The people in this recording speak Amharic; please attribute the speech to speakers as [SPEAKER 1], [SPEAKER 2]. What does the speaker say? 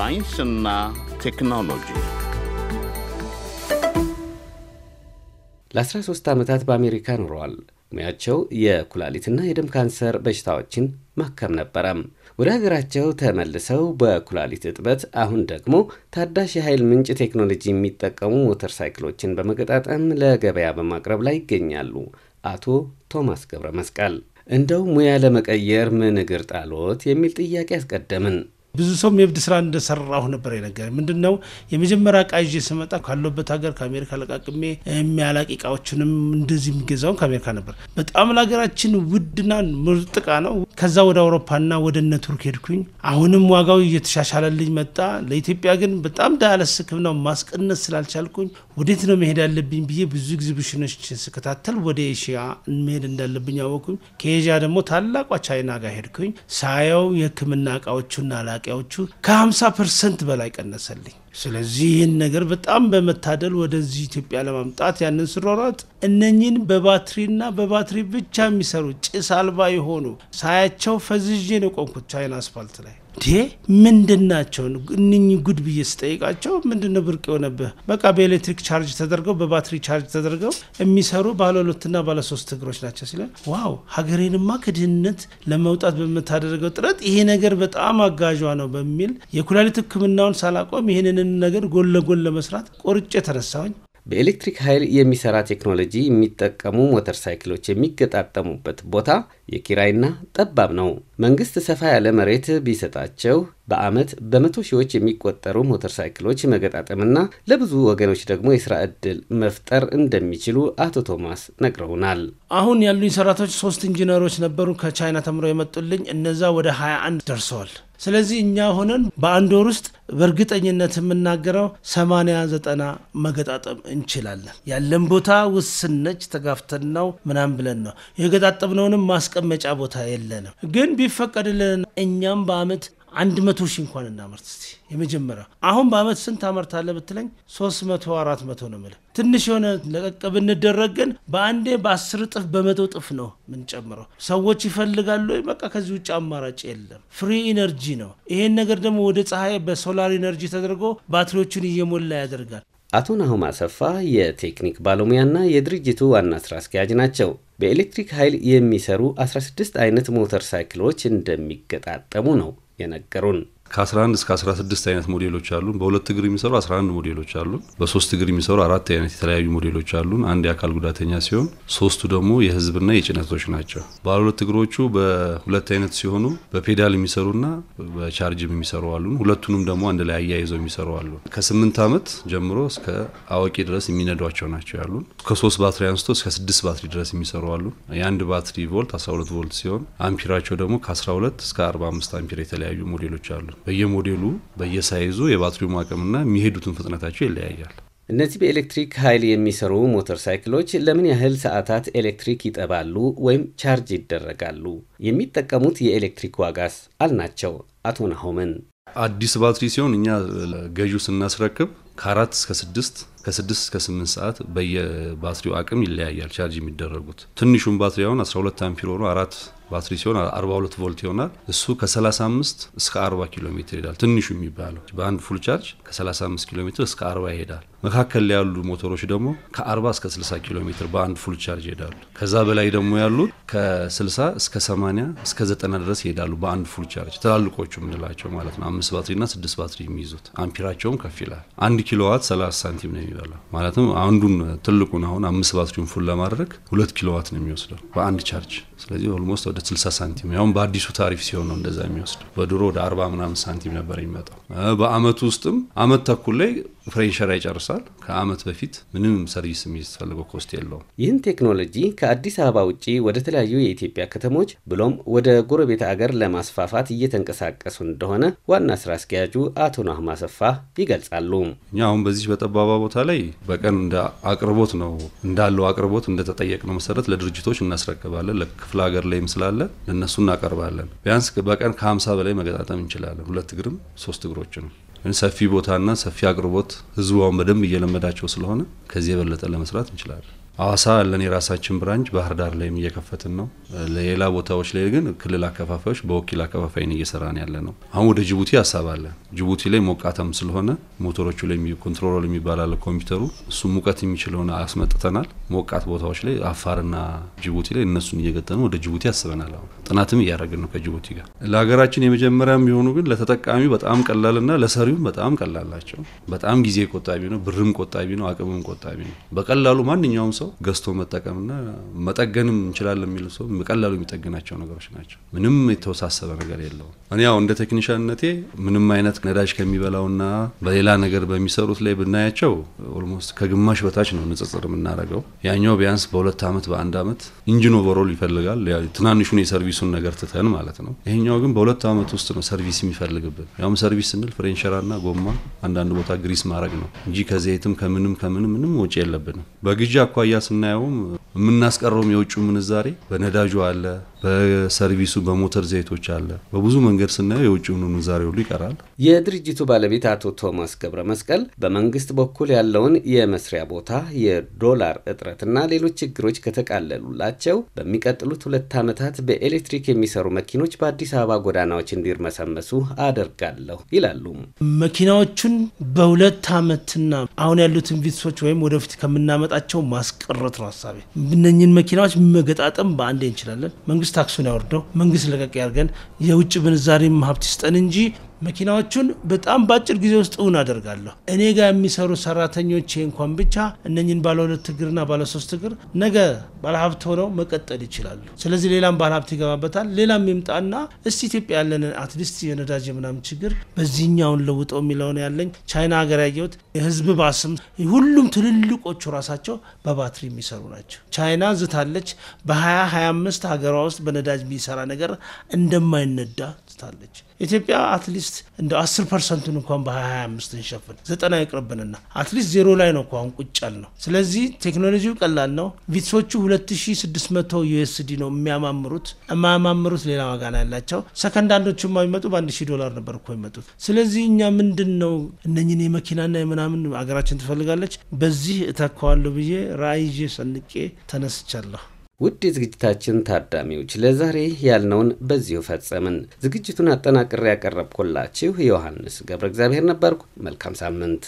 [SPEAKER 1] ሳይንስና ቴክኖሎጂ ለ13 ዓመታት በአሜሪካ ኑረዋል። ሙያቸው የኩላሊትና የደም ካንሰር በሽታዎችን ማከም ነበረም። ወደ ሀገራቸው ተመልሰው በኩላሊት እጥበት አሁን ደግሞ ታዳሽ የኃይል ምንጭ ቴክኖሎጂ የሚጠቀሙ ሞተር ሳይክሎችን በመገጣጠም ለገበያ በማቅረብ ላይ ይገኛሉ። አቶ ቶማስ ገብረ መስቀል እንደው ሙያ ለመቀየር ምን እግር ጣሎት የሚል ጥያቄ አስቀደምን።
[SPEAKER 2] ብዙ ሰው የእብድ ስራ እንደሰራሁ ነበር የነገረኝ። ምንድን ነው የመጀመሪያ እቃ ይዤ ስመጣ ካለበት ሀገር ከአሜሪካ ለቃቅሜ የሚያላቅ እቃዎችንም እንደዚህ የሚገዛውን ከአሜሪካ ነበር። በጣም ለሀገራችን ውድና ምርጥ እቃ ነው። ከዛ ወደ አውሮፓና ወደ እነ ቱርክ ሄድኩኝ። አሁንም ዋጋው እየተሻሻለልኝ መጣ። ለኢትዮጵያ ግን በጣም ዳያለስ ሕክምና ማስቀነስ ስላልቻልኩኝ ወዴት ነው መሄድ ያለብኝ ብዬ ብዙ ኤግዚቢሽኖች ስከታተል ወደ ኤሽያ መሄድ እንዳለብኝ አወኩኝ። ከኤዥያ ደግሞ ታላቋ ቻይና ጋር ሄድኩኝ። ሳየው የሕክምና እቃዎቹና ጥያቄዎቹ ከ50 ፐርሰንት በላይ ቀነሰልኝ። ስለዚህ ይህን ነገር በጣም በመታደል ወደዚህ ኢትዮጵያ ለማምጣት ያንን ስሯሯጥ እነኝን በባትሪና በባትሪ ብቻ የሚሰሩ ጭስ አልባ የሆኑ ሳያቸው ፈዝዤ ነው ቆምኩት ቻይና አስፋልት ላይ ምንድን ናቸው እንኝ ጉድ ብዬ ስጠይቃቸው ምንድነው ብርቅ የሆነብህ? በቃ በኤሌክትሪክ ቻርጅ ተደርገው በባትሪ ቻርጅ ተደርገው የሚሰሩ ባለ ሁለትና ባለ ሶስት እግሮች ናቸው ሲለን፣ ዋው ሀገሬንማ ከድህነት ለመውጣት በምታደርገው ጥረት ይሄ ነገር በጣም አጋዧ ነው በሚል የኩላሊት ህክምናውን ሳላቆም ይህንን ነገር ጎን ለጎን ለመስራት ቆርጬ ተነሳሁኝ።
[SPEAKER 1] በኤሌክትሪክ ኃይል የሚሰራ ቴክኖሎጂ የሚጠቀሙ ሞተር ሳይክሎች የሚገጣጠሙበት ቦታ የኪራይና ጠባብ ነው። መንግስት ሰፋ ያለ መሬት ቢሰጣቸው በአመት በመቶ ሺዎች የሚቆጠሩ ሞተር ሳይክሎች መገጣጠምና ለብዙ ወገኖች ደግሞ የስራ እድል መፍጠር እንደሚችሉ አቶ ቶማስ ነግረውናል።
[SPEAKER 2] አሁን ያሉኝ ሰራተኞች ሶስት ኢንጂነሮች ነበሩ ከቻይና ተምረው የመጡልኝ እነዛ ወደ 21 ደርሰዋል። ስለዚህ እኛ ሆነን በአንድ ወር ውስጥ በእርግጠኝነት የምናገረው ሰማንያ ዘጠና መገጣጠም እንችላለን። ያለን ቦታ ውስነች ተጋፍተን ነው ምናም ብለን ነው የገጣጠምነውንም ማስቀመጫ ቦታ የለንም። ግን ቢፈቀድልን እኛም በአመት አንድ መቶ ሺህ እንኳን እናመርት እስቲ የመጀመሪያ አሁን በአመት ስንት አመርታለ ብትለኝ ሶስት መቶ አራት መቶ ነው የምልህ ትንሽ የሆነ ለቀቅ ብንደረግ ግን በአንዴ በአስር እጥፍ በመቶ እጥፍ ነው ምንጨምረው ሰዎች ይፈልጋሉ በቃ ከዚህ ውጭ አማራጭ የለም ፍሪ ኢነርጂ ነው ይሄን ነገር ደግሞ ወደ ፀሐይ በሶላር ኢነርጂ ተደርጎ ባትሪዎቹን እየሞላ ያደርጋል
[SPEAKER 1] አቶ ናሁም አሰፋ የቴክኒክ ባለሙያና የድርጅቱ ዋና ስራ አስኪያጅ ናቸው። በኤሌክትሪክ ኃይል የሚሰሩ 16 አይነት ሞተር ሳይክሎች እንደሚገጣጠሙ ነው የነገሩን
[SPEAKER 3] ከ11 እስከ 16 አይነት ሞዴሎች አሉን። በሁለት እግር የሚሰሩ 11 ሞዴሎች አሉን። በሶስት እግር የሚሰሩ አራት አይነት የተለያዩ ሞዴሎች አሉን። አንድ የአካል ጉዳተኛ ሲሆን ሶስቱ ደግሞ የህዝብና የጭነቶች ናቸው። ባለ ሁለት እግሮቹ በሁለት አይነት ሲሆኑ በፔዳል የሚሰሩና በቻርጅም የሚሰሩ አሉን። ሁለቱንም ደግሞ አንድ ላይ አያይዘው የሚሰሩ አሉን። ከስምንት ዓመት ጀምሮ እስከ አዋቂ ድረስ የሚነዷቸው ናቸው ያሉን። ከሶስት ባትሪ አንስቶ እስከ ስድስት ባትሪ ድረስ የሚሰሩ አሉን። የአንድ ባትሪ ቮልት 12 ቮልት ሲሆን አምፒራቸው ደግሞ ከ12 እስከ 45 አምፒር የተለያዩ ሞዴሎች አሉን። በየሞዴሉ በየሳይዙ የባትሪው አቅምና የሚሄዱትን ፍጥነታቸው ይለያያል። እነዚህ በኤሌክትሪክ ኃይል የሚሰሩ ሞተር ሳይክሎች ለምን ያህል ሰዓታት
[SPEAKER 1] ኤሌክትሪክ ይጠባሉ ወይም ቻርጅ ይደረጋሉ? የሚጠቀሙት የኤሌክትሪክ ዋጋስ
[SPEAKER 3] አልናቸው አቶ ናሆምን። አዲስ ባትሪ ሲሆን እኛ ገዢው ስናስረክብ ከአራት እስከ ስድስት ከስድስት 6 እስከ 8 ሰዓት በየባትሪው አቅም ይለያያል። ቻርጅ የሚደረጉት ትንሹን ባትሪ አሁን 12 አምፒር ሆኖ አራት ባትሪ ሲሆን 42 ቮልት ይሆናል። እሱ ከ35 እስከ 40 ኪሎ ሜትር ይሄዳል። ትንሹ የሚባለው በአንድ ፉል ቻርጅ ከ35 ኪሎ ሜትር እስከ 40 ይሄዳል። መካከል ላይ ያሉ ሞተሮች ደግሞ ከ40 እስከ 60 ኪሎ ሜትር በአንድ ፉል ቻርጅ ይሄዳሉ። ከዛ በላይ ደግሞ ያሉት ከ60 እስከ 80 እስከ 90 ድረስ ይሄዳሉ በአንድ ፉል ቻርጅ። ትላልቆቹ የምንላቸው ማለት ነው። አምስት ባትሪና ስድስት ባትሪ የሚይዙት አምፒራቸውም ከፍ ይላል። አንድ ኪሎዋት 30 ሳንቲም ነው የሚበ ያለው ማለትም አንዱን ትልቁን አሁን አምስት ባትሪውን ፉል ለማድረግ ሁለት ኪሎ ዋት ነው የሚወስደው በአንድ ቻርጅ። ስለዚህ ኦልሞስት ወደ 60 ሳንቲም ያሁን በአዲሱ ታሪፍ ሲሆን ነው እንደዛ የሚወስደው። በድሮ ወደ 40 ምናምን ሳንቲም ነበር የሚመጣው። በአመቱ ውስጥም አመት ተኩል ላይ ፍሬንሸራ ይጨርሳል። ከአመት በፊት ምንም ሰርቪስ የሚፈልገው ኮስት የለውም። ይህን ቴክኖሎጂ
[SPEAKER 1] ከአዲስ አበባ ውጭ ወደ ተለያዩ የኢትዮጵያ ከተሞች ብሎም ወደ ጎረቤት አገር ለማስፋፋት እየተንቀሳቀሱ እንደሆነ ዋና ስራ አስኪያጁ አቶ ናሁም ሰፋ ይገልጻሉ።
[SPEAKER 3] እኛ አሁን በዚህ በጠባባ ቦታ ላይ በቀን እንደ አቅርቦት ነው እንዳለው አቅርቦት ነው መሰረት ለድርጅቶች እናስረክባለን። ለክፍለ ሀገር ላይም ስላለን ለእነሱ እናቀርባለን። ቢያንስ በቀን ከሀምሳ በላይ መገጣጠም እንችላለን። ሁለት እግርም ሶስት እግሮች ነው። ሰፊ ቦታና ሰፊ አቅርቦት ህዝቧን በደንብ እየለመዳቸው ስለሆነ ከዚህ የበለጠ ለመስራት እንችላለን። አዋሳ ያለን የራሳችን ብራንች ባህር ዳር ላይም እየከፈትን ነው። ለሌላ ቦታዎች ላይ ግን ክልል አከፋፋዮች በወኪል አከፋፋይን እየሰራን ያለ ነው። አሁን ወደ ጅቡቲ ሀሳብ አለ። ጅቡቲ ላይ ሞቃተም ስለሆነ ሞተሮቹ ላይ ኮንትሮል የሚባላል ኮምፒውተሩ እሱ ሙቀት የሚችለውን አስመጥተናል። ሞቃት ቦታዎች ላይ አፋርና ጅቡቲ ላይ እነሱን እየገጠን ወደ ጅቡቲ አስበናል። አሁን ጥናትም እያደረግን ነው ከጅቡቲ ጋር። ለሀገራችን የመጀመሪያ የሚሆኑ ግን ለተጠቃሚው በጣም ቀላልና ለሰሪውም በጣም ቀላል ናቸው። በጣም ጊዜ ቆጣቢ ነው፣ ብርም ቆጣቢ ነው፣ አቅምም ቆጣቢ ነው። በቀላሉ ማንኛውም ሰው ገዝቶ መጠቀምና መጠገንም እንችላለን የሚል ሰው በቀላሉ የሚጠግናቸው ነገሮች ናቸው። ምንም የተወሳሰበ ነገር የለውም። እኔ ያው እንደ ቴክኒሻንነቴ ምንም አይነት ነዳጅ ከሚበላውና በሌላ ነገር በሚሰሩት ላይ ብናያቸው ኦልሞስት ከግማሽ በታች ነው ንጽጽር የምናደርገው። ያኛው ቢያንስ በሁለት ዓመት በአንድ ዓመት ኢንጂን ኦቨሮል ይፈልጋል፣ ትናንሹን የሰርቪሱን ነገር ትተን ማለት ነው። ይሄኛው ግን በሁለት ዓመት ውስጥ ነው ሰርቪስ የሚፈልግብን። ያውም ሰርቪስ ስንል ፍሬንሸራና ጎማ አንዳንድ ቦታ ግሪስ ማድረግ ነው እንጂ ከዘይትም ከምንም ከምንም ምንም ወጪ የለብንም። በግዢ አኳያ ስናየውም የምናስቀረውም የውጭ ምንዛሬ በነዳጁ አለ በሰርቪሱ በሞተር ዘይቶች አለ። በብዙ መንገድ ስናየው የውጭውን ምንዛሬ ሁሉ ይቀራል።
[SPEAKER 1] የድርጅቱ ባለቤት አቶ ቶማስ ገብረ መስቀል በመንግስት በኩል ያለውን የመስሪያ ቦታ የዶላር እጥረትና ሌሎች ችግሮች ከተቃለሉላቸው በሚቀጥሉት ሁለት ዓመታት በኤሌክትሪክ የሚሰሩ መኪኖች በአዲስ አበባ ጎዳናዎች እንዲርመሰመሱ አደርጋለሁ ይላሉ።
[SPEAKER 2] መኪናዎቹን በሁለት ዓመትና አሁን ያሉትን ቪትሶች ወይም ወደፊት ከምናመጣቸው ማስቀረት ነው ሀሳቤ። እነኝን መኪናዎች መገጣጠም በአንዴ እንችላለን መንግስት አክሱን ያወርደው፣ መንግስት ለቀቅ ያርገን፣ የውጭ ምንዛሬም ሀብት ይስጠን እንጂ መኪናዎቹን በጣም በአጭር ጊዜ ውስጥ እውን አደርጋለሁ። እኔ ጋር የሚሰሩ ሰራተኞች እንኳን ብቻ እነኝን ባለ ሁለት እግርና ባለ ሶስት እግር ነገ ባለሀብት ሆነው መቀጠል ይችላሉ። ስለዚህ ሌላም ባለሀብት ይገባበታል። ሌላም ይምጣና እስቲ ኢትዮጵያ ያለንን አትሊስት የነዳጅ ምናምን ችግር በዚህኛውን ለውጦ የሚለውን ያለኝ ቻይና ሀገር ያየሁት የህዝብ ባስም ሁሉም ትልልቆቹ ራሳቸው በባትሪ የሚሰሩ ናቸው። ቻይና ዝታለች በ2025 ሀገሯ ውስጥ በነዳጅ የሚሰራ ነገር እንደማይነዳ ተነስታለች። ኢትዮጵያ አትሊስት እንደ 10 ፐርሰንቱን እንኳን በ25 እንሸፍን፣ ዘጠና ይቅርብንና አትሊስት ዜሮ ላይ ነው እንኳን ቁጫል ነው። ስለዚህ ቴክኖሎጂው ቀላል ነው። ቪትሶቹ 2600 ዩኤስዲ ነው የሚያማምሩት የማያማምሩት ሌላ ዋጋ ነው ያላቸው። ሰከንድ አንዶቹ የሚመጡ በ ሺህ ዶላር ነበር እኮ የሚመጡት። ስለዚህ እኛ ምንድን ነው እነኝን የመኪናና የምናምን አገራችን ትፈልጋለች። በዚህ እተካዋለሁ ብዬ ራዕይ ይዤ ሰንቄ ተነስቻለሁ።
[SPEAKER 1] ውድ የዝግጅታችን ታዳሚዎች ለዛሬ ያልነውን በዚሁ ፈጸምን። ዝግጅቱን አጠናቅሬ ያቀረብኩላችሁ ዮሐንስ ገብረ እግዚአብሔር ነበርኩ። መልካም ሳምንት።